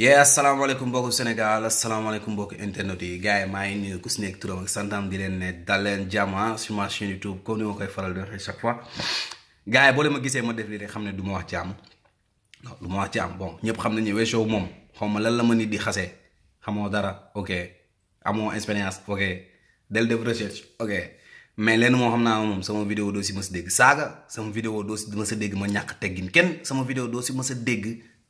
yee asalaamaaleykum mbokku Sénégal asalaamaaleykum mbokku internet yi gars yi maa ngi nuyu ku si nekk turam ak santam di leen ne dal leen jàmm ah sur ma chaîne YouTube comme ni ma koy faral di waxee chaque fois gars yi boo ma gisee ma def lii rek xam ne du ma wax jàmm non du ma wax jàmm bon ñëpp xam nañu ne Weshow moom xaw ma lan la ma nit di xasee xamoo dara ok amoo expérience ok del def recherche ok mais leen moo xam naa moom sama vidéo doo si ma a dégg saaga sama vidéo doo si mës dégg ma ñàkk teggin kenn sama vidéo doo si mës dégg.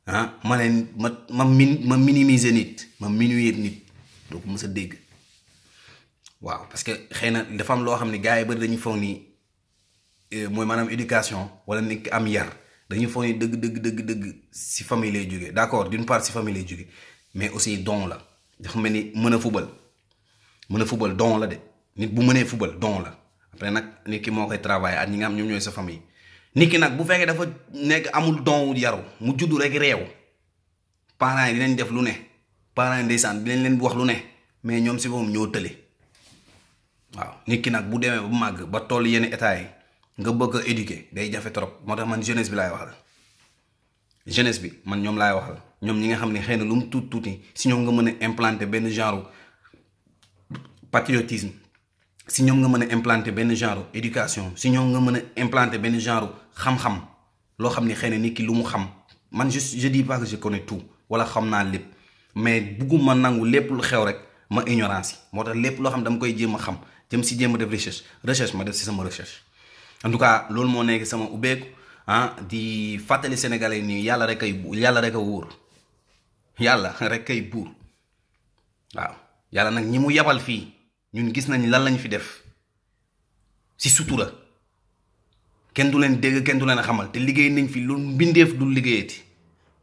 ah ma ne ma ma min ma minimiser nit ma minuer nit doo ko mës a dégg waaw parce que xëy na dafa am loo xam ne gars yi bari dañu foog ni eh, mooy maanaam éducation wala nit am yar dañuy foog ni dëgg dëgg dëgg dëgg si famille lay jóge d'accord d'une part si famille lay jóge mais aussi don la dafa mel ni mën a fubal mën a fubal don la de nit bu mënee fubal don la après nag nit ki moo koy travailler ak ñi nga am ñoom ñooy sa famille nit ki nag bu fekkee dafa nekk amul don yaru mu juddu rek réew parent yi dinañ def lu ne parent yi ndeysaan dinañ leen bu wax lu ne mais ñoom si moom ñoo tële waaw nit ki nag bu demee ba màgg ba toll yenn état yi nga bëgg a day jafe trop moo tax man jeunesse bi laay waxal jeunesse bi man ñoom laay waxal ñoom ñi nga xam ne xëy na lu mu tuut tuuti si ñoom nga mën a implanter benn genre patriotisme si ñoom nga mën a implanter benn genre éducation si ñoom nga mën a implanter benn genre xam-xam loo xam ni xëy na nit ki lu mu xam man je je dis pas que tout wala xam naa lépp mais bugguma nangu lépp lu xew rek ma ignorance yi moo tax lépp loo xam dama koy jéem a xam jëm si jéem a def recherche recherche ma def si sama recherche en loolu moo nekk sama ubbeeku ah di fàttali sénégalais nii yàlla rek ay yàlla rek a wóor yàlla rek kay buur waaw yàlla nag ñi mu yabal fii ñun gis nañ lan lañ fi def si sutura kenn du leen dégg kenn du leen a xamal te liggéey nañ fi lu mbindeef du liggéeyati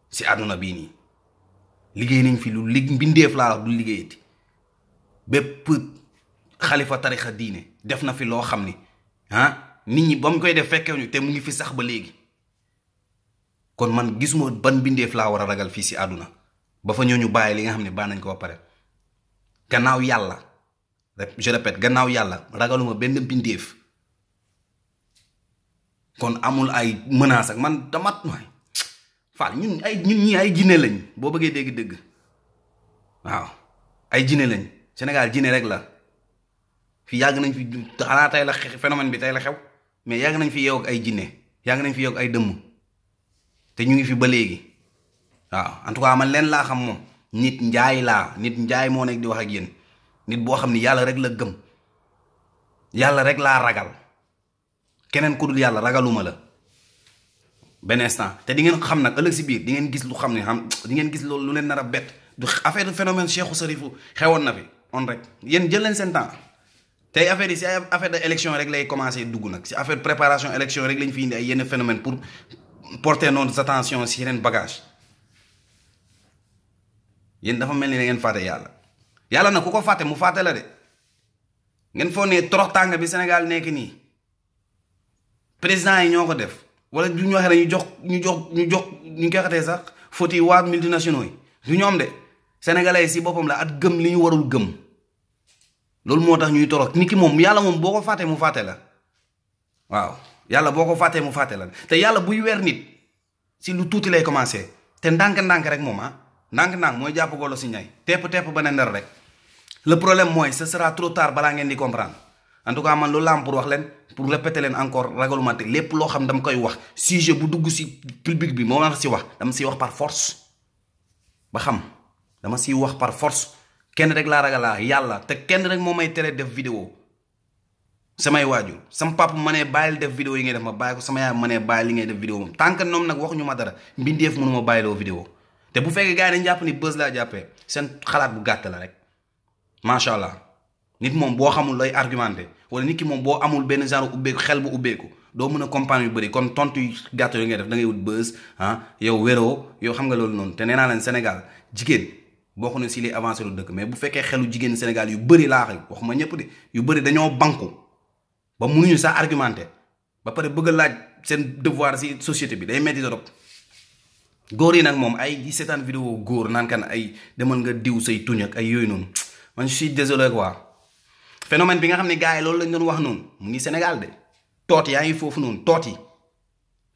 si àdduna bii nii liggéey nañ fi lu lig mbindeef laa du liggéeyati bépp xalifa tarixa diine def na fi loo xam ni ah nit ñi ba mu koy def fekkewuñu te mu ngi fi sax ba léegi kon man gisuma ban mbindeef laa war a ragal fii si àdduna ba fa ñu bàyyi li nga xam ne baa nañ koo ba pare gannaaw yàlla je répète gannaaw yàlla ragaluma benn mbindeef kon amul ay menace ak man damat waay Fall ñun ay ñun ñii ay jinne lañ boo bëggee dégg dëgg waaw ay jinne lañ Sénégal jinne rek la fi yàgg nañ fi xanaa tey la phénomène bi tey la xew mais yàgg nañ fi yeew ay jinne yàgg nañ fi yeew ay dëmm te ñu ngi fi ba léegi waaw en tout cas man leen laa xam moom nit njaay laa nit njaay moo nekk di wax a yéen nit boo xam ni yàlla rek la gëm yàlla rek laa ragal keneen ku dul yàlla ragaluma la benn instant te di ngeen xam nag ëllëg si biir di ngeen gis lu xam ne xam di ngeen gis loolu lu leen nara a bett du affaire phénomène Cheikhou Sarifou xewoon na fi on rek yéen jël leen seen temps tey affaire yi si ay affaire élection rek lay commencé dugg nag si affaire préparation élection rek lañ fi indi ay yenn phénomène pour porter notre attention si yeneen bagage yéen dafa mel ni da ngeen fàtte yàlla yàlla nag ku ko fàtte mu fàtte la tàng bi Sénégal nekk nii. président yi ñoo ko def wala du ñu waxee rek ñu jox ñu jox ñu jox ñu koy xatee sax faute yi waa multinationaux yi du ñoom de sénégalais yi si boppam la at gëm li ñu warul gëm loolu moo tax ñuy toro nit ki moom yàlla moom boo ko fàttee mu fàtte la waaw yàlla boo ko fàttee mu fàtte la te yàlla buy weer nit si lu tuuti lay commencé te ndànk-ndànk rek moom ah ndànk-ndànk mooy jàpp golo si ñay tepp-tepp ba ne nder rek le problème mooy ce sera trop tard balaa ngeen di comprendre en tout pour répéter leen encore réglementé lépp loo xam dama koy wax sujet bu dugg si public bi moo ma si wax dama siy wax par force ba xam dama siy wax par force kenn rek laa ragalaa yàlla te kenn rek moo may tere def vidéo samay waajur sama papa ma nee bàyyil def vidéo yi ngay def ma bàyyi ko sama yaay ma nee bàyyi li ngay def vidéo moom tant que ñoom nag waxuñu ma dara mbindeef mënu ma bàyyiloo vidéo te bu fekkee gaa yi dañ jàpp ni bës laa jàppee seen xalaat bu gàtt la rek macha allah nit moom boo xamul lay argumenté wala nit ki moom boo amul benn genre ubbeeku xel bu ubbeeku doo mën a comprendre yu bëri kon tontu yu gàtt yooyu ngay def da ngay wut bës ah yow wéroo yow xam nga loolu noonu te nee naa leen Sénégal jigéen bokk si liy avancé lu dëkk mais bu fekkee xelu jigéen Sénégal yu bëri laa xëy waxuma ñëpp de yu bëri dañoo banku ba mënuñu sax argumenté ba pare bëgg laaj seen devoir si société bi day metti trop góor yi nag moom ay di vidéo góor naan kan ay demal nga diw say ay yooyu noonu man je suis désolé phénomène bi nga xam ne gars yi loolu lañ doon wax noonu mu ngi Sénégal de toot yaa ngi foofu noonu toot yi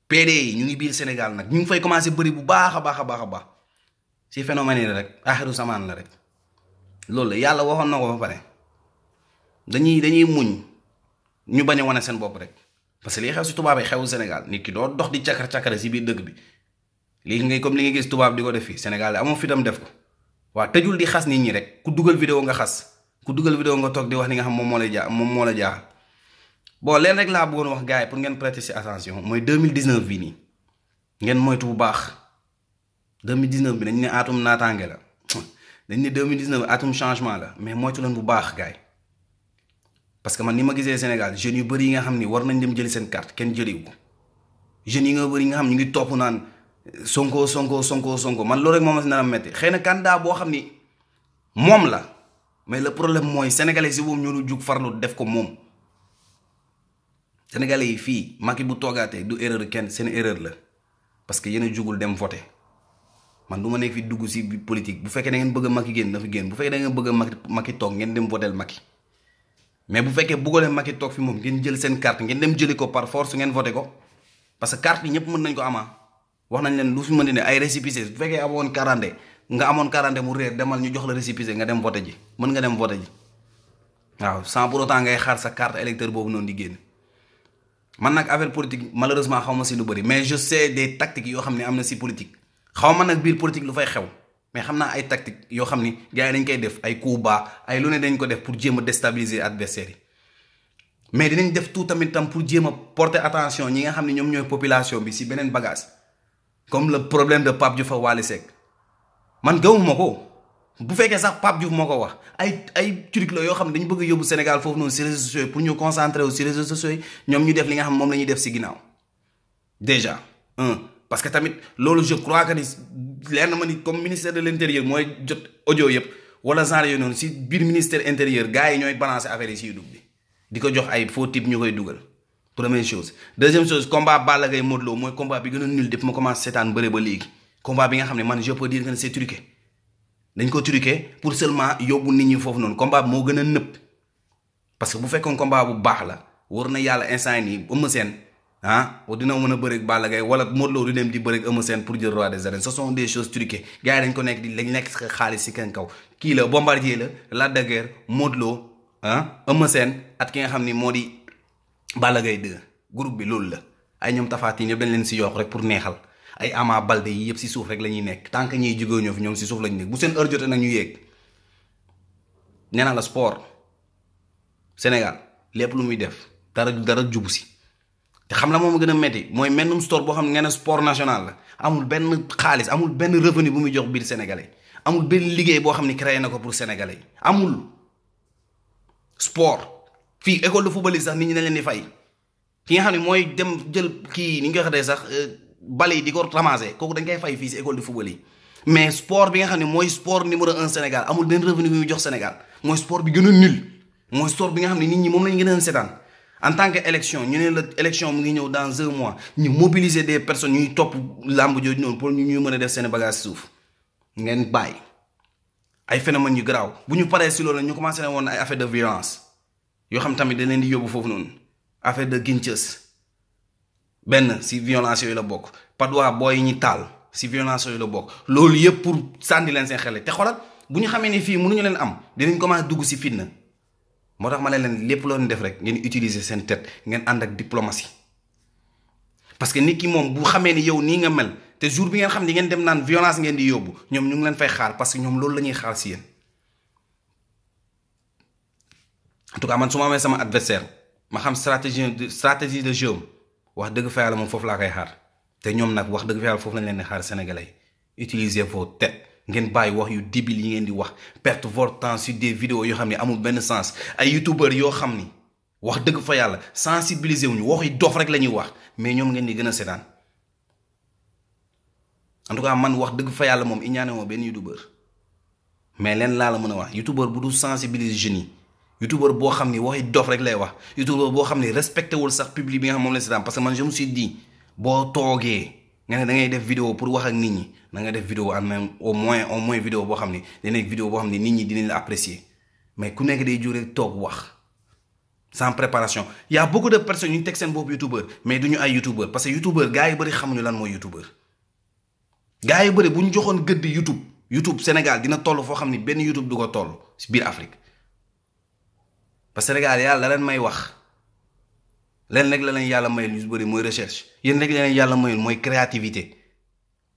PD yi ñu ngi biir Sénégal nag ñu ngi fay commencé bëri bu baax a baax a baax a baax si phénomène yi rek axiru samaan la rek loolu yàlla waxoon na ko ba pare dañuy dañuy muñ ñu bañ a wane seen bopp rek parce que li xew si tubaab yi xewu Sénégal nit ki doo dox di cakar cakar si biir dëkk bi léegi ngay comme li nga gis tubaab di ko def fii Sénégal amoo fi tam def ko waa tëjul di xas nit ñi rek ku dugal vidéo nga xas. ku dugal vidéo nga toog di wax li nga xam moom moo lay jaa moom moo la jaaxal bon leen rek laa bëggoon wax gars yi pour ngeen prêter si attention mooy 2019 bii nii ngeen moytu bu baax 2019 bi dañ ne atum naataange la dañ ne 2019 atum changement la mais moytu leen bu baax gars yi parce que man ni ma gisee Sénégal jeunes yu bari yi nga xam ni war nañ dem jëli seen carte kenn jëliwu jeunes yi nga bëri nga xam ñu ngi topp naan Sonko Sonko Sonko Sonko man loolu rek moom la si nar xëy na candidat boo xam ni moom la. mais la problème mooy sénégalais si moom ñoo jug farlu def ko moom sénégalais yi fii Macky bu toogaatee du erreur kenn seen erreur la parce que yéen jugul dem voté man du ma nekk fi dugg si politique bu fekkee da ngeen bëgg a Macky génn na fi génn bu fekkee da ngeen bëgg a Macky Macky toog ngeen dem votel Macky mais bu fekkee bëggoo leen Macky toog fi moom ngeen jël seen carte ngeen dem jëli ko par force ngeen voté ko parce que carte yi ñëpp mën nañ ko amaa wax nañ leen lu fi mën di ne ay récépissé bu fekkee amoon nga amoon quarante mu réer demal ñu jox la récépissé nga dem vote ji mën nga dem vote ji waaw sans pour autant ngay xaar sa carte électeur boobu noonu di génn man nag affaire politique malheureusement xaw ma si lu bëri mais je sais des yoo xam ne am na si politique xaw ma nag biir politique lu fay xew mais xam naa ay tactique yoo xam ni gars yi dañ koy def ay coups ba ay lu ne dañ ko def pour jéem a déstabiliser adversaire yi mais dinañ def tout tamit tam pour jéem a porter attention ñi nga xam ne ñoom ñooy population bi si beneen bagage comme le problème de Pape Diouf ak Wally man gëmuma ko bu fekkee sax pap Diouf moo ko wax ay ay truc la yoo xam ne dañu bëgg yóbbu Sénégal foofu noonu si réseaux sociaux ñu concentrer wu si yi ñoom ñu def li nga xam moom la ñuy def si ginnaaw déjà un parce que tamit loolu je crois que ni leer na ma ni comme ministère de l' intérieur mooy jot audio yëpp wala genre yooyu noonu si biir ministère intérieur gars yi ñooy balancer affaire yi si YouTube bi di ko jox ay faux type ñu koy dugal première chose deuxième chose combat Balla Gaye Modou Lo mooy combat bi ba léegi combat bi nga xam ne man je peux dire que c'est truqué dañ ko truqué pour seulement yóbbu nit ñi foofu noonu combat bi moo gën a nëpp parce que bu fekkoon combat bu baax la war na yàlla instant yi nii Eumeu Sène ah dina mën a bëreeg Balla Gaye wala Modou Lo du di bëreeg Eumeu Sène pour jël roi des arènes ce sont des choses truquées gars yi dañ ko nekk di lañ nekk xaalis si kan kaw la la Lac de Guiers Modou Lo ah Eumeu at ki nga xam ni moo di Balla gay 2 groupe bi loolu la ay ñoom tafaatin yëpp dañ leen si yokk rek pour neexal ay Ama Balde yi yëpp si suuf rek la ñuy nekk tant que ñuy jógee ñoo fi ñoom si suuf la ñu nekk bu seen heure jotee nag ñu yéeg nee la sport Sénégal lépp lu muy def dara dara jubu si te xam la moom a gën a métti mooy mennum store boo xam ne nee na sport national la amul benn xaalis amul benn revenu bu muy jox biir sénégalais amul benn liggéey boo xam ne créé na ko pour sénégalais amul sport fii école de sax nit ñi ne leen fay ki nga xam ne mooy dem jël kii ni nga ko waxee sax. Euh, bale yi di ko ramasser kooku dañ koy fay fii si école de football yi mais sport bi nga xam ne mooy sport numéro en Sénégal amul benn revenu bi muy jox Sénégal mooy sport bi gën a nul mooy sport bi nga xam ne nit ñi moom lañ gën a seetaan en tant que élection ñu ne la élection mu ngi ñëw dans un mois ñu mobiliser des personnes ñuy topp làmb jooju noonu pour ñu ñuy mën a def seen bagage suuf ngeen bàyyi ay phénomènes yu garaaw bu ñu paree si loolu ñu commencé ne woon ay affaire yoo xam tamit da leen di yóbbu foofu noonu affaire de guinches benn si violence yooyu la bokk padois booy yi ñu taal si violence yooyu la bokk loolu yëpp pour sànni leen seen xel te xoolal bu ñu xamee ni fii mënuñu leen am dinañ commencé dugg si fitna moo tax ma ne leen lépp loo def rek ngeen utiliser seen tête ngeen ànd ak diplomatie. parce que nit ki moom bu xamee ni yow nii nga mel te jour bi ngeen xam ni ngeen dem naan violence ngeen di yóbbu ñoom ñu leen fay xaar parce que ñoom loolu la ñuy xaar man su ma amee sama adversaire ma xam stratégie de stratégie de jeu wax dëgg fa yàlla moom foofu laa koy xaar te ñoom nag wax dëgg fa yàlla foofu lañ leen di xaar sénégalais utilisez vos têtes ngeen bàyyi wax yu débile yi ngeen di wax perte votre temps sur des vidéos yoo xam ne amul benn sens ay youtubeurs yoo xam ni wax dëgg fa yàlla sensibiliser wuñu waxi dof rek la ñuy wax mais ñoom ngeen di gën a seetaan en tout cas man wax dëgg fa yàlla moom iñaane moo benn youtubeur mais leen laa la mën a wax youtubeur bu du sensibiliser jeunes yi youtubeur boo xam ni waxi dof rek lay wax youtubeur boo xam ni respecté wul sax public bi nga xam moom la seetaan parce que man je me boo toogee nga ne da ngay def vidéo pour wax nit ñi na nga def vidéo au moins au moins vidéo boo xam ni dinañ vidéo boo xam ni nit ñi dinañ la apprécier mais ku nekk day jure toog wax sans préparation y a beaucoup de personnes ñu teg seen bopp youtubeur mais du ñu ay youtubeur parce que youtubeur gars yi bëri xamuñu lan mooy youtubeur gars yi bëri bu ñu joxoon gëdd youtube youtube Sénégal dina toll foo xam ni benn youtube du ko toll si biir Afrique parce que Sénégal yàlla da leen may wax lenn rek la leen yàlla mayul ñu bëri mooy recherche yéen rek la leen yàlla mayul mooy créativité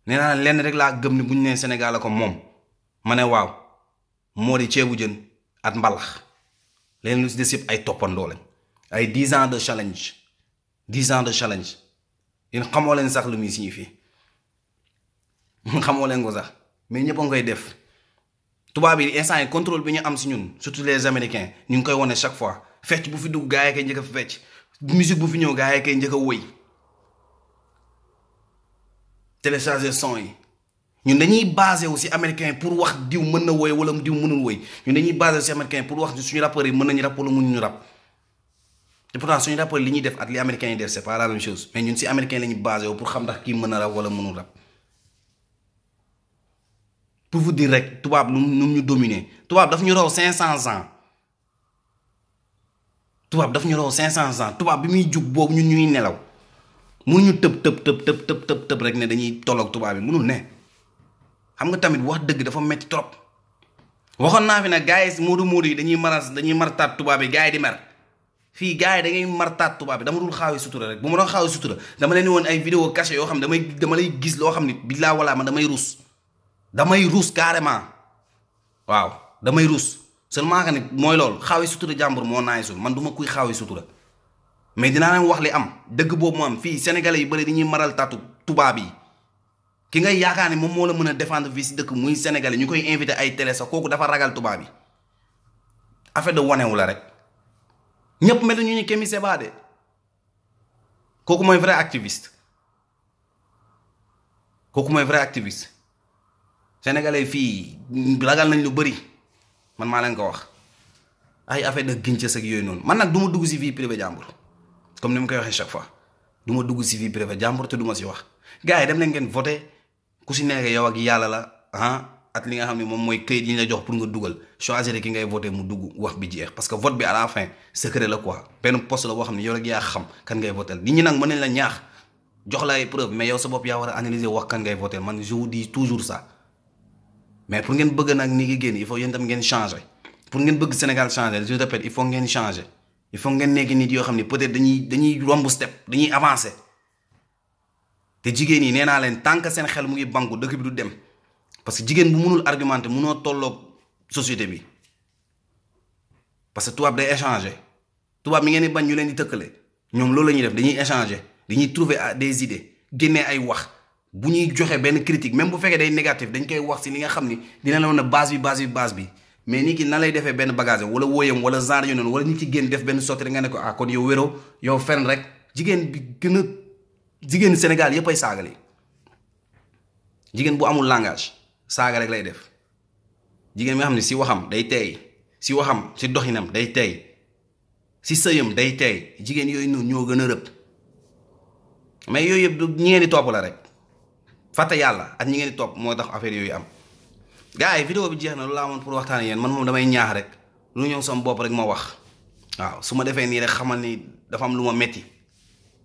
nee naa leen rek laa gëm ni bu ñu nee Sénégal la ko moom ma ne waaw moo di ceebu jën at mbalax leen lu si des yëpp ay toppandoo lañ ay dix ans de challenge dix ans de challenge yéen xamoo leen sax lu muy signifie xamoo leen ko sax mais ñëpp a ngi koy def. tubaab yi instant yi contrôle bi ñu am si ñun surtout les américains ñu ngi koy wone chaque fois fecc bu fi dugg gaa yi koy njëkk a fecc musique bu fi ñëw gaa yi koy njëkk a wëy télécharger son yi ñun dañuy basé wu si américain pour wax diw mën na woy wala diw mënul woy ñun dañuy basé wu si américain pour wax suñu rappeurs mën nañu rap wala mënuñu rap te pourtant suñu rappeurs li ñuy def ak li américain yi def c'est pas la même chose mais ñun si américain xam ndax kii mën na rap wala mënul rap. pour vous rek tubaab lu mu ñu dominer tubaab daf ñu raw 500 ans tubaab daf ñu raw 500 ans tubaab bi muy jug boobu ñun ñuy nelaw mënuñu tëb tëb tëb tëb tëb tëb rek ne dañuy tolloog tubaab yi mënul ne xam nga tamit wax dëgg dafa metti trop. waxoon naa fi nag gars yi si moodu moodu yi dañuy maras dañuy martaat tubaab yi gars yi di mer fii gars yi da ngay martaat tubaab bi dama dul xaawi sutura rek bu ma doon xaawi sutura dama leen woon ay vidéo cachées yoo xam ne damay dama lay gis loo xam ne billaa walaa damay rus. damay ruus carrément waaw damay ruus seulement que ni mooy loolu xaawi sutura jàmbur moo naay sul man du ma kuy xaawi sutura mais dinaa leen wax li am dëgg boobu mu am fii sénégalais yu bëri dañuy maral tatu tubaab yi ki ngay yaakaar ni moom moo la mën a défendre fii si dëkk muy sénégalais ñu koy invité ay télé sax kooku dafa ragal tubaab yi affaire de wanewu la rek ñëpp mel ñu ñu Kemi Seba de kooku mooy vrai activiste kooku mooy vrai activiste. sénégalais fii ragal nañ lu bëri man maa leen ko wax ay affaire de ginces ak yooyu noonu man nag du ma dugg si vie privée jàmbur comme ni ma koy waxee chaque fois du ma dugg si vie privée jàmbur te du si wax gars yi dem leen ngeen voté ku si nekk yaw ak yàlla la ah at li nga xam ne moom mooy këyit yi ñu la jox pour nga dugal choisir ki ngay voté mu dugg wax bi jeex parce que vote bi à la fin la quoi benn poste la boo xam ne yow rek yaa xam kan ngay voté nit ñi mën nañ la ñaax jox la ay preuve mais yow sa bopp yaa war a analyser wax kan toujours ça. mais pour ngeen bëgg nag ni ngi génn il faut yéen tam ngeen changer pour ngeen bëgg Sénégal changer je répète il faut ngeen changer il faut ngeen nekk nit yoo xam ne peut-être dañuy dañuy romb step dañuy avancer te jigéen yi nee naa leen tant que seen xel mu ngi banku dëkk bi du dem parce que jigéen bu mënul argumenter munoo tolloog société bi parce que tubaab day échanger tubaab mi ngeen bañ ñu leen di tëkkale ñoom loolu la ñuy def dañuy échanger dañuy trouver ah, des idées génnee ay wax. bu ñuy joxe benn critique même bu fekkee day négatif dañ koy wax si li nga xam ni dina la mën a base bi base bi base bi mais nit ki nan lay defee benn bagage wala wóoyam wala genre wala nit ki génn def benn rek nga ne ko ah kon yow wéroo yow fenn rek jigéen bi gën a jigéen Sénégal yépp ay saagale jigéen bu amul langage saaga rek lay def jigéen bi nga xam ne si waxam day teey si waxam si doxinam day teey si sëyam day teey jigéen yooyu noonu ñoo gën a rëbb mais yooyu yëpp du ñeenti topp la rek. fàtte yàlla ak ñi ngeen di topp moo tax affaire yooyu am gars yi vidéo bi jeex na lu la amoon pour waxtaan yéen man moom damay ñaax rek lu ñëw sama bopp rek ma wax waaw su ma defee nii rek xamal ni dafa am lu ma metti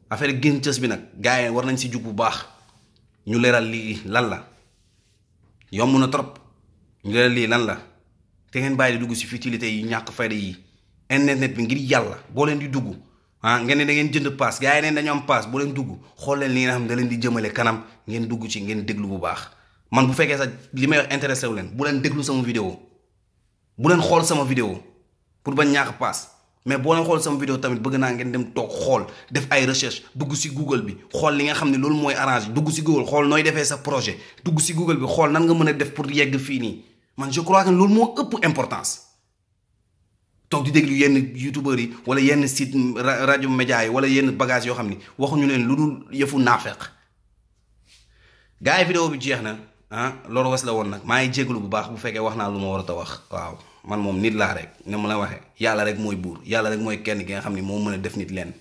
affaire gën cës bi nag gars yi war nañ si jug bu baax ñu leeral lii lan la yomb na trop ñu leeral lii lan la te ngeen bàyyi dugg si futilité yi ñàkk fayda yi internet bi ngir yàlla boo leen di dugg ah ngeen ne da ngeen jënd paas gars yi neen dañoo paas bu leen dugg xool leen li nga xam da leen di jëmale kanam ngeen dugg ci ngeen déglu bu baax man bu fekkee sax li may wax wu leen bu leen déglu sama vidéo bu leen xool sama vidéo pour ba ñaax paas mais boo leen xool sama vidéo tamit bëgg naa ngeen dem toog xool def ay recherche dugg si Google bi xool li nga xam ne loolu mooy arrangé dugg si Google xool nooy defee sa projet dugg si Google bi xool nan nga a def pour yegg fii nii man je crois que loolu moo ëpp importance toog di déglu yenn youtubeurs yi wala yenn site rajo média yi wala yenn bagage yoo xam ni waxuñu leen lu dul yëfu naafeq gars yi vidéo bi jeex na ah loolu was la woon nag maa ngi jégalu bu baax bu fekkee wax naa lu ma war a wax waaw man moom nit laa rek ne ma la waxee yàlla rek mooy buur yàlla rek mooy kenn ki nga xam ni moo mën a def nit leen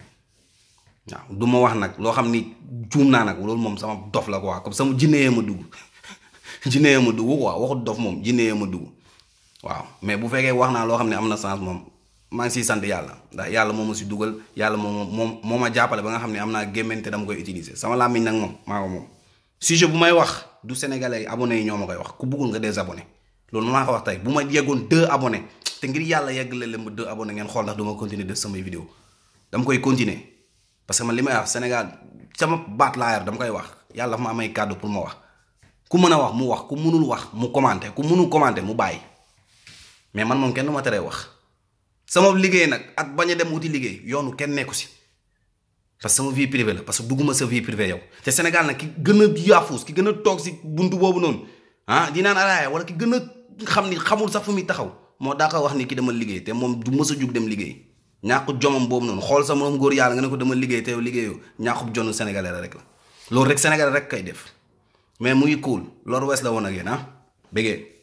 waaw du ma wax nag loo xam ni juum naa nag loolu moom sama dof la quoi comme sama jinnee ma dugg jinnee ma dugg quoi waxut dof moom jinnee ma dugg waaw mais bu fekkee wax naa loo xam ne am na sens moom sant yàlla ndax yàlla moo ma si dugal yàlla moom moom moo ma jàppale ba nga xam ne am naa gémmante dama koy utiliser sama làmmiñ nag moom maa ko bu may wax du sénégalais yi abonné ñoo ma koy wax ku bëggul nga désabonné loolu maa ko tey bu ma yeggoon deux abonné ngir yàlla yeggale leen ba deux abonné ngeen xool ndax du ma continuer def samay dama koy continuer parce que li may Sénégal sama baat laa yor dama koy wax yàlla dafa ma amay kàddu pour ma wax ku mën a wax mu wax ku mënul wax mu commenter ku mënul commenter mu bàyyi mais man moom kenn du ma teree wax sama liggéey nag ak bañ a dem wuti liggéey yoonu kenn nekku si parce que sama vie privée la parce que bugguma sa vie privée yow te Sénégal na ki gën a yaafuus ki gën a toog si bunt boobu noonu ah di naan alaaya wala ki gën a xam ni xamul sax fu muy taxaw moo daa ko wax ni ki dama liggéey te moom du mës sa jug dem liggéey ñàkk jomam boobu noonu xool sa moom góor yàlla nga ne ko dama liggéey te yow liggéeyoo ñàkkub jonu sénégalais la rek la loolu rek sénégalais rek kay def mais muy cool loolu wees la woon ak yéen ah